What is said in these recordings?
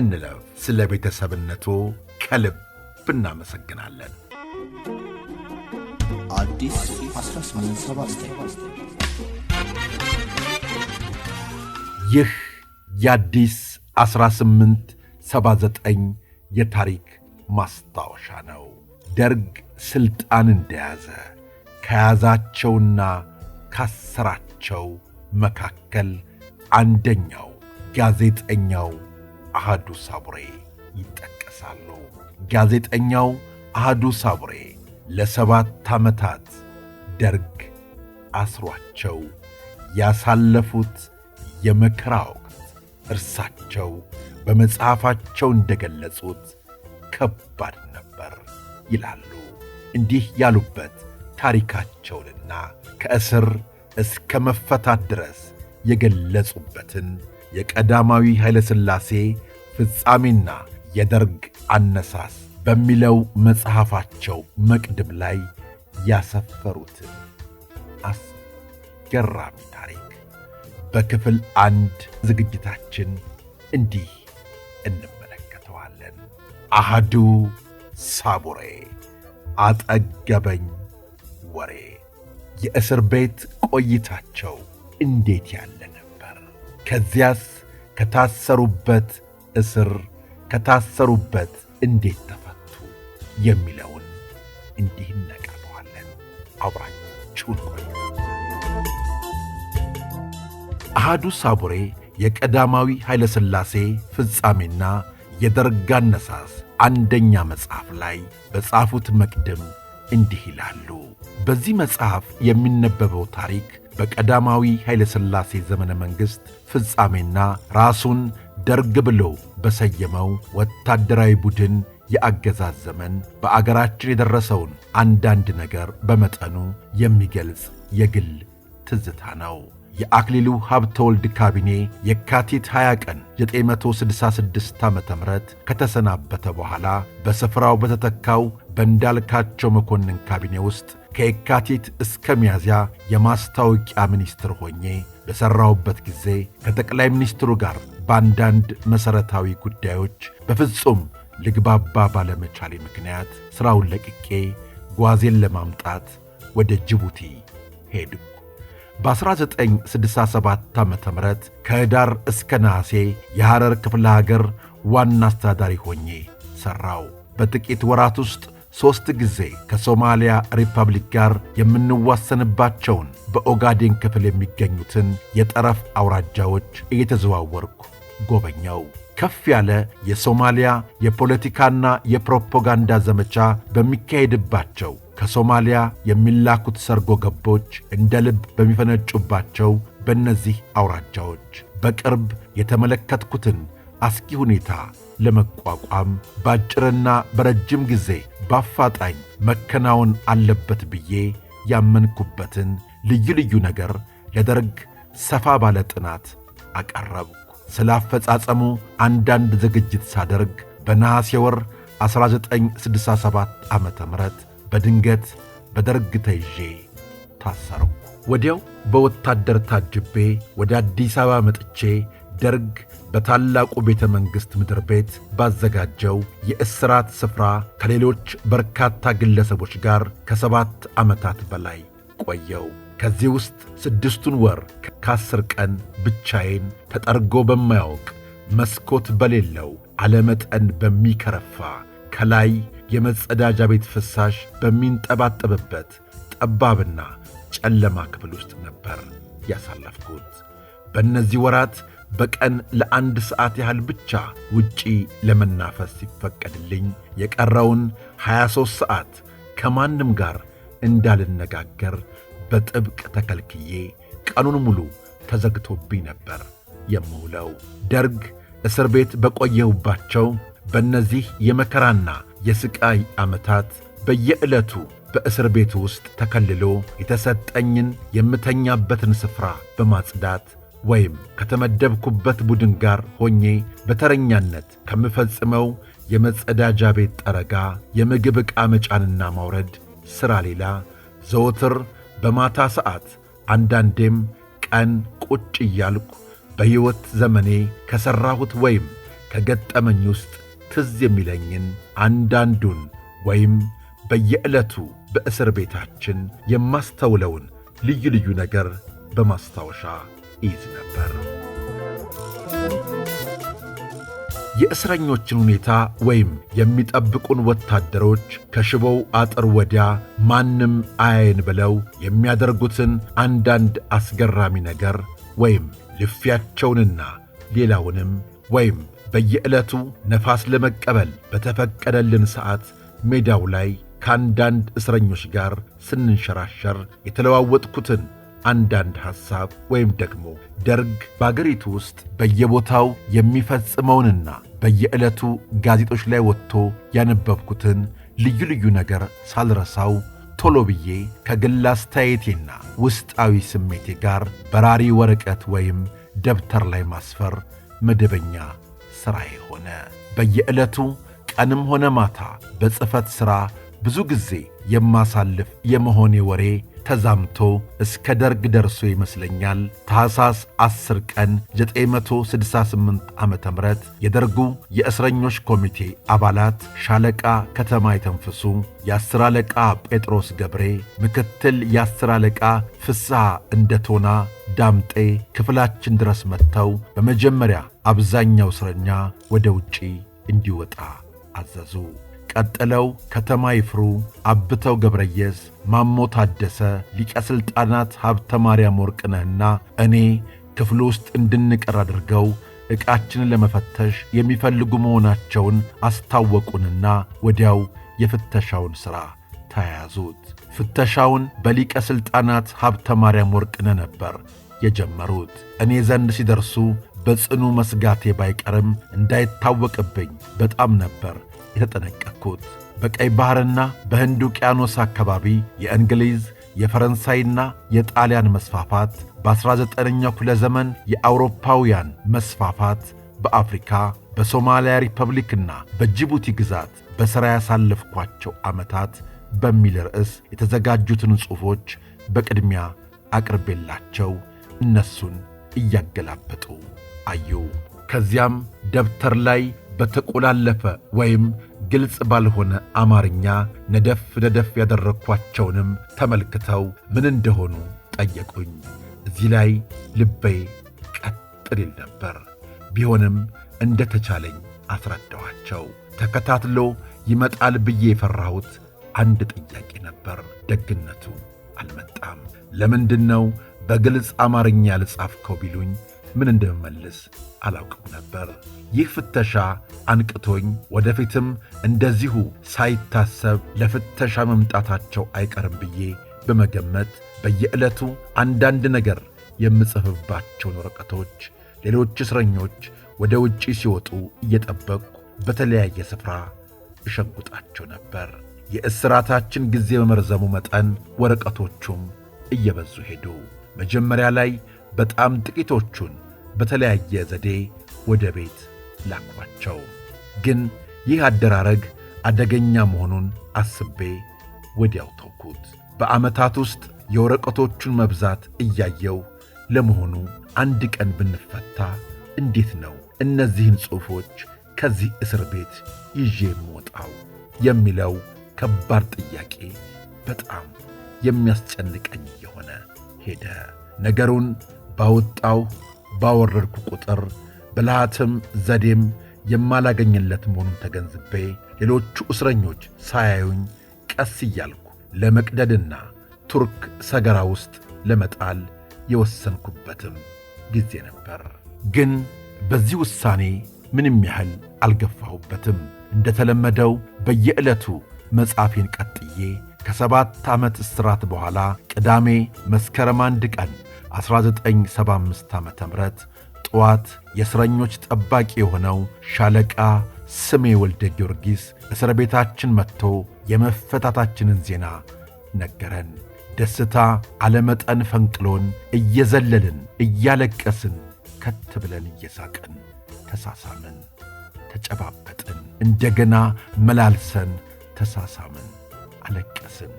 እንለፍ። ስለ ቤተሰብነቱ ከልብ እናመሰግናለን። ይህ የአዲስ 1879 የታሪክ ማስታወሻ ነው። ደርግ ሥልጣን እንደያዘ ከያዛቸውና ካሰራቸው መካከል አንደኛው ጋዜጠኛው አህዱ ሳቡሬ ይጠቀሳሉ። ጋዜጠኛው አህዱ ሳቡሬ ለሰባት ዓመታት ደርግ አስሯቸው ያሳለፉት የመከራ ወቅት እርሳቸው በመጽሐፋቸው እንደገለጹት ከባድ ነበር ይላሉ። እንዲህ ያሉበት ታሪካቸውንና ከእስር እስከ መፈታት ድረስ የገለጹበትን የቀዳማዊ ኃይለ ሥላሴ ፍጻሜና የደርግ አነሳስ በሚለው መጽሐፋቸው መቅድም ላይ ያሰፈሩትን አስገራሚ ታሪክ በክፍል አንድ ዝግጅታችን እንዲህ እንመለከተዋለን። አሃዱ ሳቡሬ አጠገበኝ ወሬ የእስር ቤት ቆይታቸው እንዴት ያለ ነበር? ከዚያስ ከታሰሩበት እስር ከታሰሩበት እንዴት ተፈቱ የሚለውን እንዲህ እናቀርበዋለን። አብራችሁን ቆዩ። አሃዱ ሳቡሬ የቀዳማዊ ኃይለሥላሴ ፍጻሜና የደርግ አነሳስ አንደኛ መጽሐፍ ላይ በጻፉት መቅድም እንዲህ ይላሉ። በዚህ መጽሐፍ የሚነበበው ታሪክ በቀዳማዊ ኃይለሥላሴ ዘመነ መንግሥት ፍጻሜና ራሱን ደርግ ብሎ በሰየመው ወታደራዊ ቡድን የአገዛዝ ዘመን በአገራችን የደረሰውን አንዳንድ ነገር በመጠኑ የሚገልጽ የግል ትዝታ ነው። የአክሊሉ ሀብተወልድ ካቢኔ የካቲት 20 ቀን 966 ዓ ም ከተሰናበተ በኋላ በስፍራው በተተካው በእንዳልካቸው መኮንን ካቢኔ ውስጥ ከየካቲት እስከ ሚያዝያ የማስታወቂያ ሚኒስትር ሆኜ በሠራሁበት ጊዜ ከጠቅላይ ሚኒስትሩ ጋር በአንዳንድ መሠረታዊ ጉዳዮች በፍጹም ልግባባ ባለመቻሌ ምክንያት ሥራውን ለቅቄ ጓዜን ለማምጣት ወደ ጅቡቲ ሄድኩ። በ1967 ዓ ም ከህዳር እስከ ነሐሴ የሐረር ክፍለ ሀገር ዋና አስተዳዳሪ ሆኜ ሠራው። በጥቂት ወራት ውስጥ ሦስት ጊዜ ከሶማሊያ ሪፐብሊክ ጋር የምንዋሰንባቸውን በኦጋዴን ክፍል የሚገኙትን የጠረፍ አውራጃዎች እየተዘዋወርኩ ጎበኛው። ከፍ ያለ የሶማሊያ የፖለቲካና የፕሮፓጋንዳ ዘመቻ በሚካሄድባቸው ከሶማሊያ የሚላኩት ሰርጎ ገቦች እንደ ልብ በሚፈነጩባቸው በእነዚህ አውራጃዎች በቅርብ የተመለከትኩትን አስኪ ሁኔታ ለመቋቋም በአጭርና በረጅም ጊዜ በአፋጣኝ መከናወን አለበት ብዬ ያመንኩበትን ልዩ ልዩ ነገር ለደርግ ሰፋ ባለ ጥናት አቀረብኩ። ስለ አፈጻጸሙ አንዳንድ ዝግጅት ሳደርግ በነሐሴ ወር 1967 ዓ ም በድንገት በደርግ ተይዤ ታሰረው! ወዲያው በወታደር ታጅቤ ወደ አዲስ አበባ መጥቼ ደርግ በታላቁ ቤተ መንግሥት ምድር ቤት ባዘጋጀው የእስራት ስፍራ ከሌሎች በርካታ ግለሰቦች ጋር ከሰባት ዓመታት በላይ ቆየው። ከዚህ ውስጥ ስድስቱን ወር ከአስር ቀን ብቻዬን ተጠርጎ በማያውቅ መስኮት በሌለው አለመጠን በሚከረፋ ከላይ የመጸዳጃ ቤት ፍሳሽ በሚንጠባጠብበት ጠባብና ጨለማ ክፍል ውስጥ ነበር ያሳለፍኩት። በእነዚህ ወራት በቀን ለአንድ ሰዓት ያህል ብቻ ውጪ ለመናፈስ ሲፈቀድልኝ የቀረውን 23 ሰዓት ከማንም ጋር እንዳልነጋገር በጥብቅ ተከልክዬ ቀኑን ሙሉ ተዘግቶብኝ ነበር የምውለው። ደርግ እስር ቤት በቆየሁባቸው በእነዚህ የመከራና የሥቃይ ዓመታት በየዕለቱ በእስር ቤት ውስጥ ተከልሎ የተሰጠኝን የምተኛበትን ስፍራ በማጽዳት ወይም ከተመደብኩበት ቡድን ጋር ሆኜ በተረኛነት ከምፈጽመው የመጸዳጃ ቤት ጠረጋ፣ የምግብ ዕቃ መጫንና ማውረድ ሥራ ሌላ ዘወትር በማታ ሰዓት አንዳንዴም ቀን ቁጭ እያልኩ በሕይወት ዘመኔ ከሠራሁት ወይም ከገጠመኝ ውስጥ ትዝ የሚለኝን አንዳንዱን ወይም በየዕለቱ በእስር ቤታችን የማስተውለውን ልዩ ልዩ ነገር በማስታወሻ ይዝ ነበር። የእስረኞችን ሁኔታ ወይም የሚጠብቁን ወታደሮች ከሽቦው አጥር ወዲያ ማንም አያይን ብለው የሚያደርጉትን አንዳንድ አስገራሚ ነገር ወይም ልፊያቸውንና ሌላውንም ወይም በየዕለቱ ነፋስ ለመቀበል በተፈቀደልን ሰዓት ሜዳው ላይ ከአንዳንድ እስረኞች ጋር ስንንሸራሸር የተለዋወጥኩትን አንዳንድ ሐሳብ ወይም ደግሞ ደርግ በአገሪቱ ውስጥ በየቦታው የሚፈጽመውንና በየዕለቱ ጋዜጦች ላይ ወጥቶ ያነበብኩትን ልዩ ልዩ ነገር ሳልረሳው ቶሎ ብዬ ከግል አስተያየቴና ውስጣዊ ስሜቴ ጋር በራሪ ወረቀት ወይም ደብተር ላይ ማስፈር መደበኛ ሥራዬ ሆነ። በየዕለቱ ቀንም ሆነ ማታ በጽሕፈት ሥራ ብዙ ጊዜ የማሳልፍ የመሆኔ ወሬ ተዛምቶ እስከ ደርግ ደርሶ ይመስለኛል ታሳስ 10 ቀን 968 ዓ ም የደርጉ የእስረኞች ኮሚቴ አባላት ሻለቃ ከተማ የተንፍሱ፣ የአስር አለቃ ጴጥሮስ ገብሬ፣ ምክትል የአስር አለቃ ፍስሐ እንደቶና ዳምጤ ክፍላችን ድረስ መጥተው በመጀመሪያ አብዛኛው እስረኛ ወደ ውጪ እንዲወጣ አዘዙ። ቀጥለው ከተማ ይፍሩ፣ አብተው ገብረየስ፣ ማሞ ታደሰ፣ ሊቀ ሥልጣናት ሀብተ ማርያም ወርቅነህና እኔ ክፍሉ ውስጥ እንድንቀር አድርገው ዕቃችንን ለመፈተሽ የሚፈልጉ መሆናቸውን አስታወቁንና ወዲያው የፍተሻውን ሥራ ተያያዙት። ፍተሻውን በሊቀ ሥልጣናት ሀብተ ማርያም ወርቅነህ ነበር የጀመሩት። እኔ ዘንድ ሲደርሱ በጽኑ መስጋቴ ባይቀርም እንዳይታወቅብኝ በጣም ነበር የተጠነቀቅኩት። በቀይ ባሕርና በሕንድ ውቅያኖስ አካባቢ የእንግሊዝ የፈረንሳይና የጣሊያን መስፋፋት በ19ኛው ክፍለ ዘመን የአውሮፓውያን መስፋፋት በአፍሪካ በሶማሊያ ሪፐብሊክና በጅቡቲ ግዛት በሥራ ያሳለፍኳቸው ዓመታት በሚል ርዕስ የተዘጋጁትን ጽሑፎች በቅድሚያ አቅርቤላቸው እነሱን እያገላበጡ አዩ። ከዚያም ደብተር ላይ በተቆላለፈ ወይም ግልጽ ባልሆነ አማርኛ ነደፍ ነደፍ ያደረግኳቸውንም ተመልክተው ምን እንደሆኑ ጠየቁኝ። እዚህ ላይ ልቤ ቀጥ ይል ነበር። ቢሆንም እንደ ተቻለኝ አስረዳኋቸው። ተከታትሎ ይመጣል ብዬ የፈራሁት አንድ ጥያቄ ነበር። ደግነቱ አልመጣም። ለምንድን ነው በግልጽ አማርኛ ያልጻፍከው ቢሉኝ ምን እንደምመልስ አላውቅም ነበር። ይህ ፍተሻ አንቅቶኝ ወደፊትም እንደዚሁ ሳይታሰብ ለፍተሻ መምጣታቸው አይቀርም ብዬ በመገመት በየዕለቱ አንዳንድ ነገር የምጽፍባቸውን ወረቀቶች ሌሎች እስረኞች ወደ ውጪ ሲወጡ እየጠበቅኩ በተለያየ ስፍራ እሸጉጣቸው ነበር። የእስራታችን ጊዜ በመርዘሙ መጠን ወረቀቶቹም እየበዙ ሄዱ። መጀመሪያ ላይ በጣም ጥቂቶቹን በተለያየ ዘዴ ወደ ቤት ላኳቸው። ግን ይህ አደራረግ አደገኛ መሆኑን አስቤ ወዲያው ተውኩት። በዓመታት ውስጥ የወረቀቶቹን መብዛት እያየው ለመሆኑ አንድ ቀን ብንፈታ እንዴት ነው እነዚህን ጽሑፎች ከዚህ እስር ቤት ይዤ የምወጣው የሚለው ከባድ ጥያቄ በጣም የሚያስጨንቀኝ እየሆነ ሄደ። ነገሩን ባወጣው ባወረድኩ ቁጥር ብልሃትም ዘዴም የማላገኝለት መሆኑን ተገንዝቤ ሌሎቹ እስረኞች ሳያዩኝ ቀስ እያልኩ ለመቅደድና ቱርክ ሰገራ ውስጥ ለመጣል የወሰንኩበትም ጊዜ ነበር። ግን በዚህ ውሳኔ ምንም ያህል አልገፋሁበትም። እንደተለመደው በየዕለቱ መጻፌን ቀጥዬ ከሰባት ዓመት እስራት በኋላ ቅዳሜ መስከረም አንድ ቀን 1975 ዓ ም ጠዋት የእስረኞች ጠባቂ የሆነው ሻለቃ ስሜ ወልደ ጊዮርጊስ እስር ቤታችን መጥቶ የመፈታታችንን ዜና ነገረን። ደስታ አለመጠን ፈንቅሎን እየዘለልን እያለቀስን ከት ብለን እየሳቅን ተሳሳምን፣ ተጨባበጥን፣ እንደገና መላልሰን ተሳሳምን፣ አለቀስን፣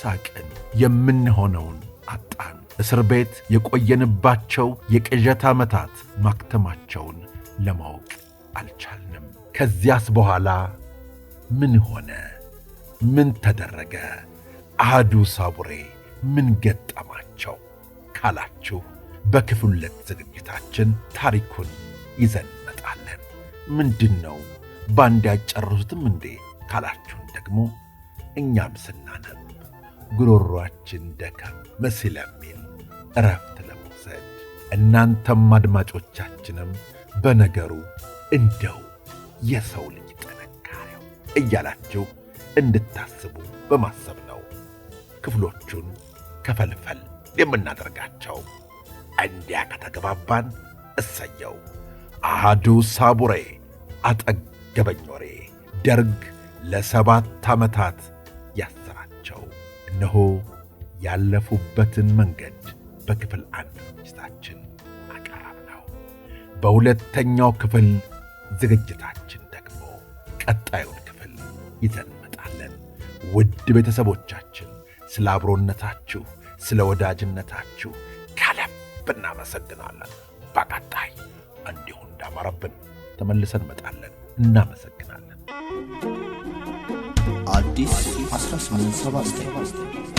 ሳቅን፣ የምንሆነውን አጣን። እስር ቤት የቆየንባቸው የቅዠት ዓመታት ማክተማቸውን ለማወቅ አልቻልንም። ከዚያስ በኋላ ምን ሆነ? ምን ተደረገ? አህዱ ሳቡሬ ምን ገጠማቸው ካላችሁ በክፍል ሁለት ዝግጅታችን ታሪኩን ይዘን እንመጣለን። ምንድን ነው ባንድ ያጨረሱትም እንዴ ካላችሁን ደግሞ እኛም ስናነብ ጉሮሯችን ደከም መስለሚል እረፍት ለመውሰድ እናንተም አድማጮቻችንም በነገሩ እንደው የሰው ልጅ ጥንካሬው እያላችሁ እንድታስቡ በማሰብ ነው ክፍሎቹን ከፈልፈል የምናደርጋቸው። እንዲያ ከተገባባን እሰየው። አሃዱ ሳቡሬ አጠገበኝ ወሬ ደርግ ለሰባት ዓመታት ያሰራቸው እነሆ ያለፉበትን መንገድ በክፍል አንድ ዝግጅታችን ነው በሁለተኛው ክፍል ዝግጅታችን ደግሞ ቀጣዩን ክፍል ይዘን እንመጣለን። ውድ ቤተሰቦቻችን ስለ አብሮነታችሁ፣ ስለ ወዳጅነታችሁ ከልብ እናመሰግናለን። በቀጣይ እንዲሁ እንዳማረብን ተመልሰን እንመጣለን። እናመሰግናለን። አዲስ 1879